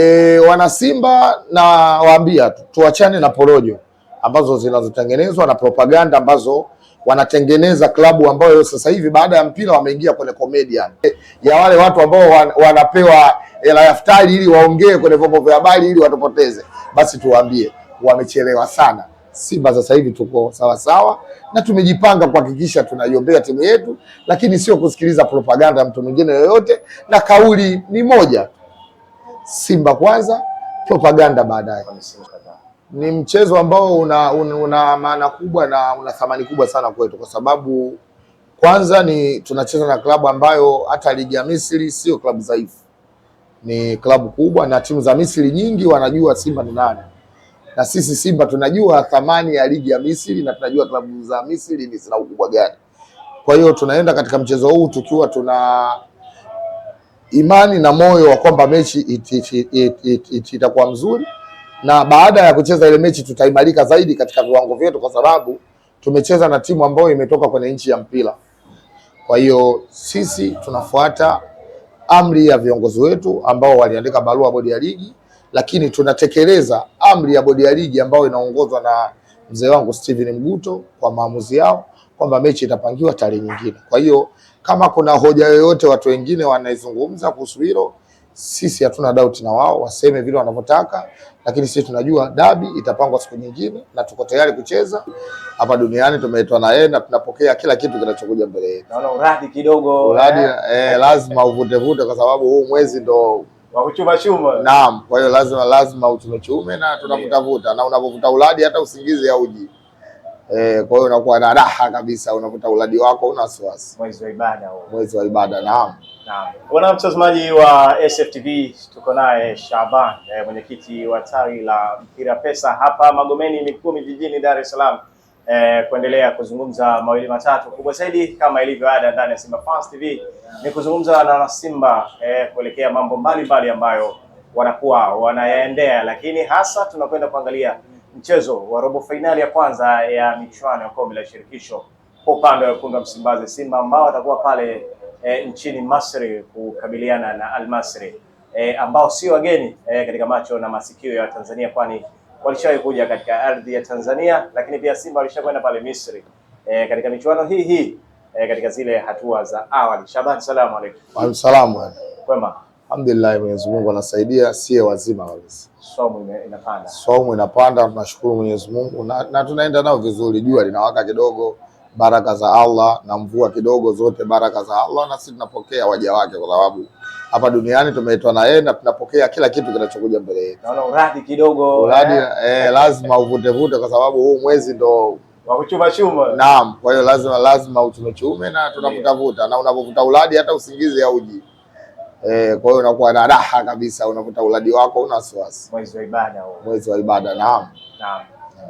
E, wanasimba na waambia tu tuachane na porojo ambazo zinazotengenezwa na propaganda ambazo wanatengeneza klabu ambayo sasa hivi baada ya mpira wameingia kwenye comedian e, ya wale watu ambao wan, wanapewa hela ya futari ili waongee kwenye vyombo vya habari ili watupoteze. Basi tuwaambie wamechelewa sana. Simba sasa hivi tuko sawasawa na tumejipanga kuhakikisha tunaiombea timu yetu, lakini sio kusikiliza propaganda ya mtu mwingine yoyote, na kauli ni moja. Simba kwanza, propaganda baadaye. Ni mchezo ambao una, una, una maana kubwa na una thamani kubwa sana kwetu, kwa sababu kwanza ni tunacheza na klabu ambayo hata ligi ya Misri sio klabu dhaifu, ni klabu kubwa, na timu za Misri nyingi wanajua Simba ni nani, na sisi Simba tunajua thamani ya ligi ya Misri na tunajua klabu za Misri ni zina ukubwa gani. Kwa hiyo tunaenda katika mchezo huu tukiwa tuna imani na moyo wa kwamba mechi itakuwa mzuri, na baada ya kucheza ile mechi tutaimarika zaidi katika viwango vyetu, kwa sababu tumecheza na timu ambayo imetoka kwenye nchi ya mpira. Kwa hiyo sisi tunafuata amri ya viongozi wetu ambao waliandika barua bodi ya ligi, lakini tunatekeleza amri ya bodi ya ligi ambayo inaongozwa na mzee wangu Steven Mguto kwa maamuzi yao kwamba mechi itapangiwa tarehe nyingine. Kwa hiyo kama kuna hoja yoyote watu wengine wanaizungumza kuhusu hilo, sisi hatuna doubt na wao waseme vile wanavyotaka, lakini sisi tunajua dabi itapangwa siku nyingine na tuko tayari kucheza hapa duniani. Tumeitwa na yeye na tunapokea kila kitu kinachokuja mbele yetu. Naona uradi kidogo, uradi eh, eh lazima uvutevute kwa sababu huu mwezi ndo wa kuchuma chuma. Naam, kwa hiyo lazima lazima uchume chume na tunavutavuta, na unapovuta uradi hata usingizi hauji. Eh, kwa hiyo unakuwa na raha kabisa, unakuta uladi wako una wasiwasi. Mwezi wa ibada huo, mwezi wa ibada. Naam, naam. Bwana mtazamaji wa SFTV, tuko naye Shaban, eh, mwenyekiti wa tawi la Mpira Pesa hapa Magomeni Mikumi jijini Dar es Salaam, eh, kuendelea kuzungumza mawili matatu. Kubwa zaidi kama ilivyo ada ndani ya Simba Fans TV ni kuzungumza na Simba eh, kuelekea mambo mbalimbali ambayo wanakuwa wanayaendea, lakini hasa tunakwenda kuangalia mchezo wa robo fainali ya kwanza ya michuano ya kombe la shirikisho kwa upande wa wekundu wa Msimbazi, Simba ambao watakuwa pale e, nchini masri kukabiliana na almasri e, eh, ambao sio wageni e, katika macho na masikio ya Tanzania, kwani walishawahi kuja katika ardhi ya Tanzania, lakini pia Simba walishakwenda pale Misri e, katika michuano hii hii e, katika zile hatua za awali. Shaban, salamu alaykum. Wa alaykum Kwema. Alhamdulillah, Mwenyezi Mungu anasaidia, sie wazima wawezi, Somo inapanda, tunashukuru Mwenyezi Mungu na, na tunaenda nao vizuri. Jua linawaka kidogo, baraka za Allah na mvua kidogo, zote baraka za Allah, na sisi tunapokea waja wake, kwa sababu hapa duniani tumeitwa na yeye na tunapokea kila kitu kinachokuja mbele yetu. Naona uradi kidogo, uradi eh, eh lazima uvute uvutevute kwa sababu huu mwezi ndo naam, kwa hiyo lazima lazima uchumechume na tunavutavuta, na unapovuta uradi hata usingizi hauji. Eh, kwa hiyo unakuwa na raha kabisa, unakuta uladi wako una wasiwasi. Mwezi wa ibada huo, mwezi wa ibada. Naam, naam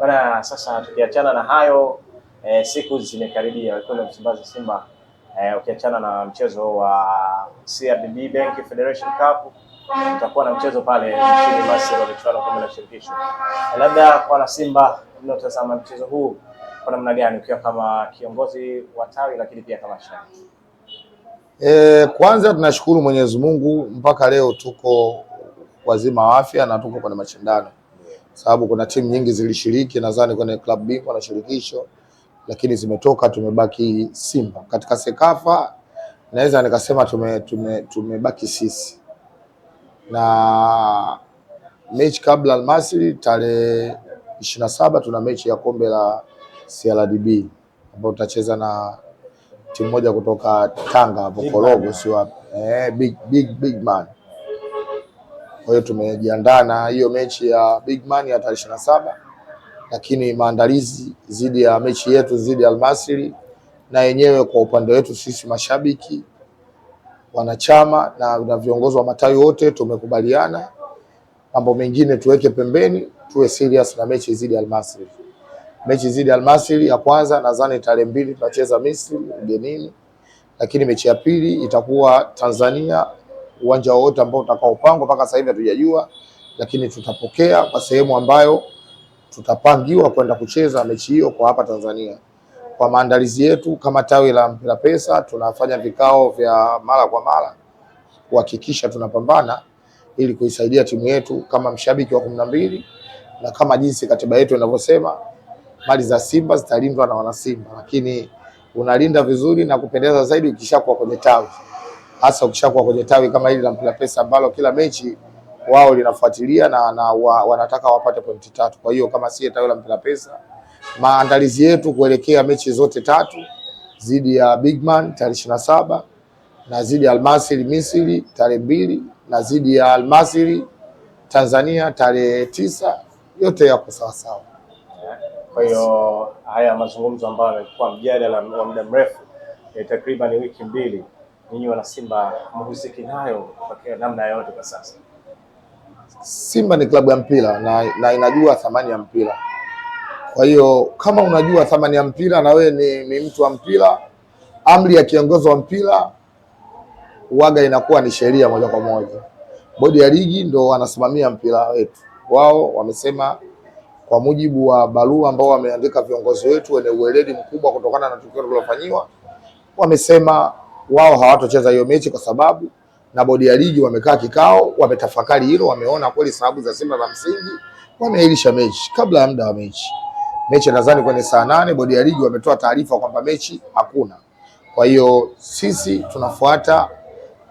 bana. Sasa tukiachana na hayo eh, siku zimekaribia, wekundu Msimbazi Simba eh, ukiachana na mchezo wa CRDB Bank Federation Cup utakuwa na mchezo pale nchini Misri wa michuano kombe la shirikisho. Labda kwa na Simba mnaotazama mchezo huu kwa namna gani, ukiwa kama kiongozi wa tawi lakini pia kama shabiki? E, kwanza tunashukuru Mwenyezi Mungu mpaka leo tuko wazima wa afya na tuko kwenye mashindano, sababu kuna timu nyingi zilishiriki, nadhani kwenye klabu bingwa na shirikisho, lakini zimetoka, tumebaki Simba katika Sekafa. Naweza nikasema tume, tume, tumebaki sisi na mechi kabla Almasri tarehe ishirini na saba tuna mechi ya kombe la CRDB ambayo tutacheza na timu moja kutoka Tanga hapo Korogo, sio wapi, eh, big, big, big man. Kwa hiyo tumejiandaa na hiyo mechi ya big man ya tarehe ishirini na saba, lakini maandalizi zidi ya mechi yetu zidi ya Almasiri na yenyewe kwa upande wetu sisi mashabiki, wanachama na, na viongozi wa matawi wote tumekubaliana, mambo mengine tuweke pembeni, tuwe serious na mechi zidi ya Almasiri mechi zidi Almasiri ya kwanza nadhani tarehe mbili tunacheza Misri ugenini, lakini mechi ya pili itakuwa Tanzania, uwanja wowote ambao utakaopangwa. Mpaka sasa hivi hatujajua, lakini tutapokea kwa sehemu ambayo tutapangiwa kwenda kucheza mechi hiyo kwa hapa Tanzania. Kwa maandalizi yetu kama tawi la mpira pesa, tunafanya vikao vya mara kwa mara kuhakikisha tunapambana ili kuisaidia timu yetu kama mshabiki wa kumi na mbili na kama jinsi katiba yetu inavyosema mali za Simba zitalindwa na wanasimba, lakini unalinda vizuri na kupendeza zaidi ukishakuwa kwenye tawi, hasa ukishakuwa kwenye tawi kama hili la Mpira Pesa ambalo kila mechi wao linafuatilia na, na wa, wanataka wapate pointi tatu. Kwa hiyo kama sie tawi la Mpira Pesa, maandalizi yetu kuelekea mechi zote tatu zidi ya Bigman tarehe ishirini na saba na zidi ya Almasiri Misri tarehe mbili na zidi ya Almasiri Tanzania tarehe tisa yote yako sawasawa. Kwa hiyo haya mazungumzo ambayo yamekuwa mjadala wa muda mrefu eh, takriban wiki mbili, ninyi wanasimba mhusiki nayo kwa namna yote kwa sasa? Simba ni klabu ya mpira na, na inajua thamani ya mpira. Kwa hiyo kama unajua thamani ya mpira na wewe ni, ni mtu wa mpira, amri ya kiongozi wa mpira waga inakuwa ni sheria moja kwa moja. Bodi ya ligi ndo wanasimamia mpira wetu, wao wamesema kwa mujibu wa barua ambao wameandika viongozi wetu wenye uweledi mkubwa kutokana na tukio lililofanyiwa, wamesema wao hawatocheza hiyo mechi kwa sababu, na bodi ya ligi wamekaa kikao, wametafakari hilo, wameona kweli sababu za Simba za msingi, wameahirisha mechi kabla ya muda wa mechi. Mechi nadhani kwenye saa nane bodi ya ligi wametoa taarifa kwamba mechi hakuna. Kwa hiyo sisi tunafuata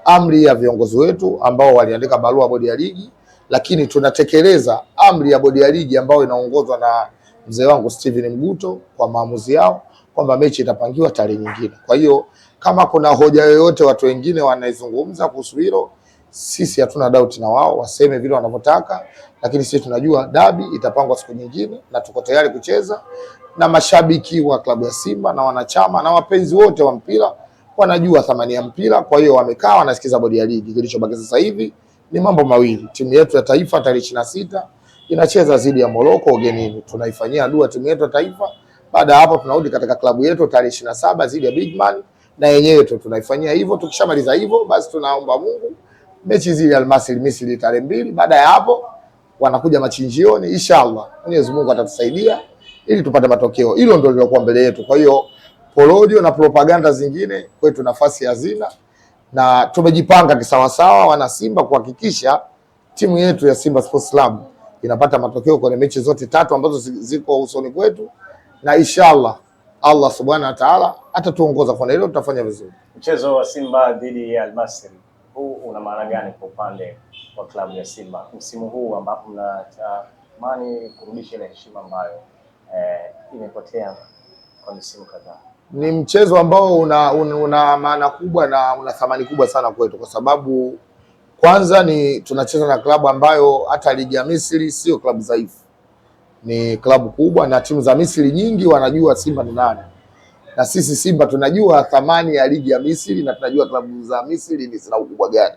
amri ya viongozi wetu ambao waliandika barua bodi ya ligi lakini tunatekeleza amri ya bodi ya ligi ambayo inaongozwa na mzee wangu Steven Mguto kwa maamuzi yao kwamba mechi itapangiwa tarehe nyingine. Kwa hiyo kama kuna hoja yoyote watu wengine wanaizungumza kuhusu hilo, sisi hatuna doubt na wao waseme vile wanavyotaka, lakini sisi tunajua dabi itapangwa siku nyingine na tuko tayari kucheza, na mashabiki wa klabu ya Simba na wanachama na wapenzi wote wa mpira wanajua thamani ya mpira. Kwa hiyo wamekaa wanasikiza bodi ya ligi. Kilichobaki sasa hivi ni mambo mawili. Timu yetu ya taifa tarehe ishirini na sita inacheza dhidi ya Moroko ugenini, tunaifanyia dua timu yetu ya taifa. Baada ya hapo, tunarudi katika klabu yetu tarehe ishirini na saba dhidi ya Big Man, na yenyewe tu tunaifanyia hivyo. Tukishamaliza hivyo, basi tunaomba Mungu mechi zile Almasri Misri tarehe mbili. Baada ya hapo, wanakuja machinjioni, inshallah Mwenyezi Mungu atatusaidia ili tupate matokeo. Hilo ndio lilokuwa mbele yetu. Kwa hiyo porojo na propaganda zingine kwetu nafasi hazina na tumejipanga kisawasawa, wana Simba, kuhakikisha timu yetu ya Simba Sports Club inapata matokeo kwenye mechi zote tatu ambazo ziko usoni kwetu, na inshallah Allah subhanahu wa ta'ala atatuongoza kwa hilo, tutafanya vizuri. Mchezo wa Simba dhidi ya al huu una maana gani kwa upande wa klabu ya Simba msimu huu ambapo mnatamani kurudisha ile heshima ambayo eh, imepotea kwa misimu kadhaa? ni mchezo ambao una, una, una maana kubwa na una thamani kubwa sana kwetu, kwa sababu kwanza ni tunacheza na klabu ambayo hata ligi ya Misri sio klabu dhaifu, ni klabu kubwa, na timu za Misri nyingi wanajua Simba ni nani, na sisi Simba tunajua thamani ya ligi ya Misri na tunajua klabu za Misri ni zina ukubwa gani.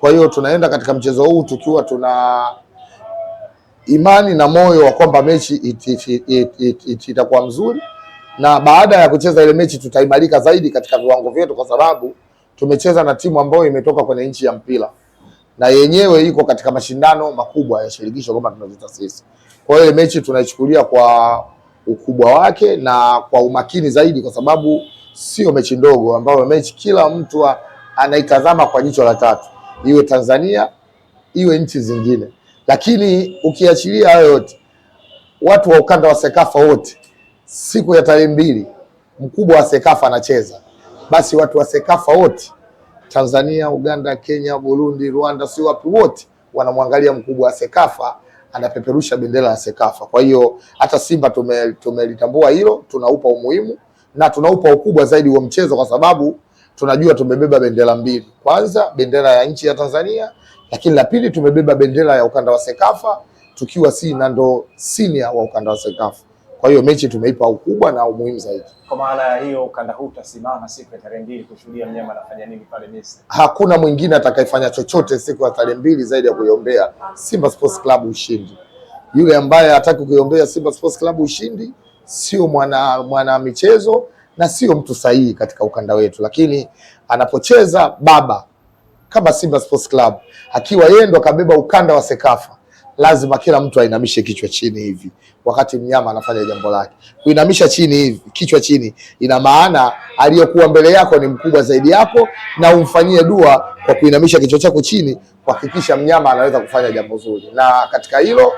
Kwa hiyo tunaenda katika mchezo huu tukiwa tuna imani na moyo wa kwamba mechi itakuwa it, it, it, it, it, it, mzuri na baada ya kucheza ile mechi tutaimarika zaidi katika viwango vyetu, kwa sababu tumecheza na timu ambayo imetoka kwenye nchi ya mpira na yenyewe iko katika mashindano makubwa ya shirikisho kama tunavyoita sisi. Kwa hiyo mechi tunaichukulia kwa ukubwa wake na kwa umakini zaidi, kwa sababu sio mechi ndogo, ambayo mechi kila mtu anaitazama kwa jicho la tatu, iwe Tanzania iwe nchi zingine. Lakini ukiachilia hayo yote, watu wa ukanda wa Sekafa wote siku ya tarehe mbili mkubwa wa Sekafa anacheza, basi watu wa Sekafa wote Tanzania, Uganda, Kenya, Burundi, Rwanda, si wapi, wote wanamwangalia mkubwa wa Sekafa anapeperusha bendera ya Sekafa. Kwa hiyo hata Simba tumelitambua tume hilo, tunaupa umuhimu na tunaupa ukubwa zaidi wa mchezo kwa sababu tunajua tumebeba bendera mbili. Kwanza bendera ya nchi ya Tanzania, lakini la pili tumebeba bendera ya ukanda wa Sekafa tukiwa si na ndo senior wa ukanda wa Sekafa. Kwa hiyo mechi tumeipa ukubwa na umuhimu zaidi. Kwa maana ya hiyo ukanda huu utasimama siku ya tarehe mbili kushuhudia mnyama anafanya nini pale Misri. Hakuna mwingine atakayefanya chochote siku ya tarehe mbili zaidi ya kuiombea Simba Sports Club ushindi. Yule ambaye hataki kuiombea Simba Sports Club ushindi sio mwana, mwana michezo na sio mtu sahihi katika ukanda wetu, lakini anapocheza baba kama Simba Sports Club akiwa yeye ndo akabeba ukanda wa Sekafa lazima kila mtu ainamishe kichwa chini hivi wakati mnyama anafanya jambo lake. Kuinamisha chini hivi kichwa chini, ina maana aliyokuwa mbele yako ni mkubwa zaidi yako, na umfanyie dua kwa kuinamisha kichwa chako chini, kuhakikisha mnyama anaweza kufanya jambo zuri. Na katika hilo,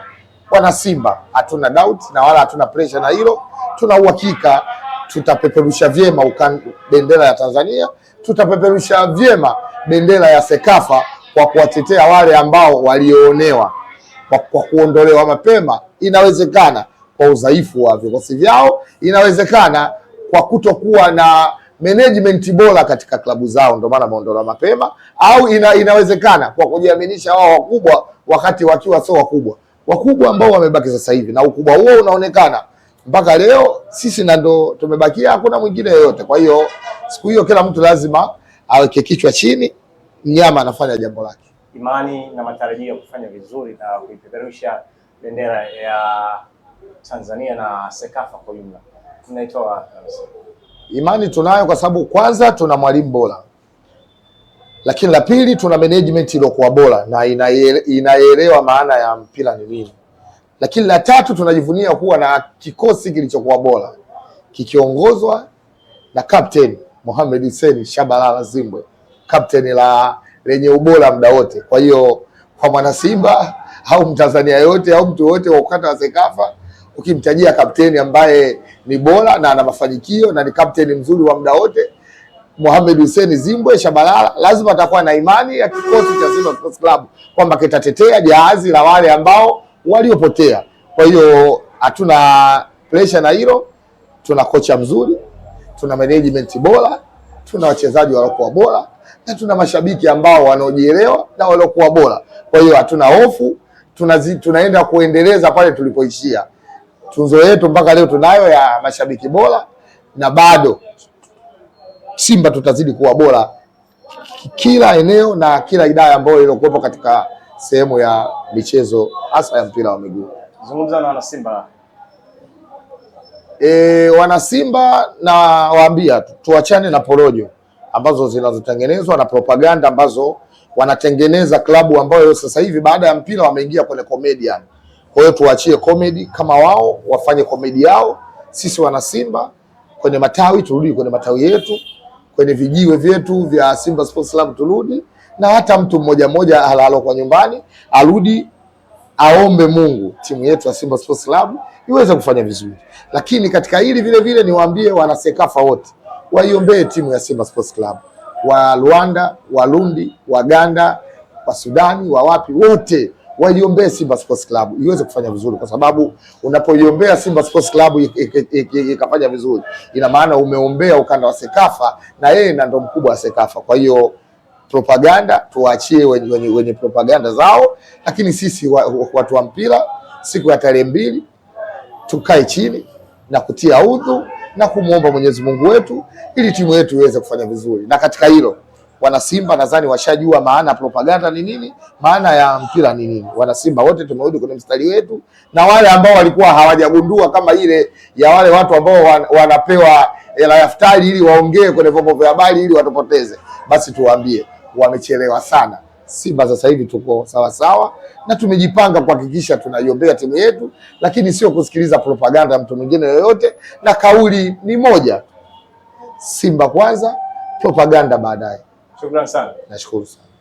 wana Simba hatuna doubt na wala hatuna pressure na hilo, tuna uhakika tutapeperusha vyema bendera ya Tanzania, tutapeperusha vyema bendera ya Sekafa kwa kuwatetea wale ambao walioonewa kwa, kwa kuondolewa mapema inawezekana kwa udhaifu wa vikosi vyao, inawezekana kwa kutokuwa na management bora katika klabu zao, ndio maana wameondolewa mapema, au ina, inawezekana kwa kujiaminisha wao wakubwa wakati wakiwa sio wakubwa wakubwa ambao wamebaki sasa hivi, na ukubwa huo unaonekana mpaka leo. Sisi na ndo tumebakia, hakuna mwingine yoyote. Kwa hiyo siku hiyo kila mtu lazima aweke kichwa chini, mnyama anafanya jambo lake imani na matarajio ya kufanya vizuri na kuipeperusha bendera ya Tanzania na Sekafa kwa jumla. Tunaitoa imani tunayo, kwa sababu kwanza tuna mwalimu bora, lakini la pili tuna management iliyokuwa bora na inaelewa maana ya mpira ni nini, lakini la tatu tunajivunia kuwa na kikosi kilichokuwa bora kikiongozwa na Captain Mohamed Hussein Shabalala Zimbwe, captain la lenye ubora muda wote. Kwa hiyo kwa mwana Simba au Mtanzania yote au mtu yoyote wa ukanda wa Sekafa, ukimtajia kapteni ambaye ni bora na ana mafanikio na ni kapteni mzuri wa muda wote, Mohamed Hussein Zimbwe Shabalala, lazima atakuwa na imani ya kikosi cha Simba Sports Club kwamba kitatetea jahazi la wale ambao waliopotea. Kwa hiyo hatuna pressure na hilo, tuna kocha mzuri, tuna management bora, tuna wachezaji waliokuwa bora na tuna mashabiki ambao wanaojielewa na waliokuwa bora. Kwa hiyo hatuna hofu, tunazi, tunaenda kuendeleza pale tulipoishia. Tunzo yetu mpaka leo tunayo ya mashabiki bora, na bado Simba tutazidi kuwa bora kila eneo na kila idara ambayo iliokuwepo katika sehemu ya michezo hasa ya mpira wa miguu. Zungumza na wanasimba. E, eh, wanasimba na waambia tuachane na porojo ambazo zinazotengenezwa na propaganda ambazo wanatengeneza klabu ambayo sasa hivi baada ya mpira wameingia kwenye comedian. Kwa hiyo tuachie comedy kama wao wafanye comedy yao, sisi wana Simba kwenye matawi turudi kwenye matawi yetu, kwenye vijiwe vyetu vya Simba Sports Club turudi, na hata mtu mmoja mmoja halalo kwa nyumbani arudi aombe Mungu timu yetu ya Simba Sports Club iweze kufanya vizuri. Lakini katika hili vile vile niwaambie wanasekafa wote waiombee timu ya Simba Sports Club, wa Rwanda, Warundi, Waganda, wa Sudani, wa wapi, wote waiombee Simba Sports Club iweze kufanya vizuri, kwa sababu unapoiombea Simba Sports Club ikafanya vizuri, ina maana umeombea ukanda wa Sekafa na yeye na ndo mkubwa wa Sekafa. Kwa hiyo propaganda tuwaachie wenye, wenye, wenye propaganda zao, lakini sisi watu wa mpira siku ya tarehe mbili tukae chini na kutia udhu na kumwomba Mwenyezi Mungu wetu ili timu yetu iweze kufanya vizuri, na katika hilo Wanasimba nadhani washajua maana ya propaganda ni nini, maana ya mpira ni nini. Wanasimba wote tumerudi kwenye mstari wetu, na wale ambao walikuwa hawajagundua kama ile ya wale watu ambao wanapewa hela ya futari ili waongee kwenye vyombo vya habari ili watupoteze, basi tuwaambie wamechelewa sana. Simba sasa hivi tuko sawa sawa na tumejipanga kuhakikisha tunaiombea timu yetu, lakini sio kusikiliza propaganda ya mtu mwingine yoyote, na kauli ni moja: Simba kwanza, propaganda baadaye. Shukrani sana, nashukuru sana.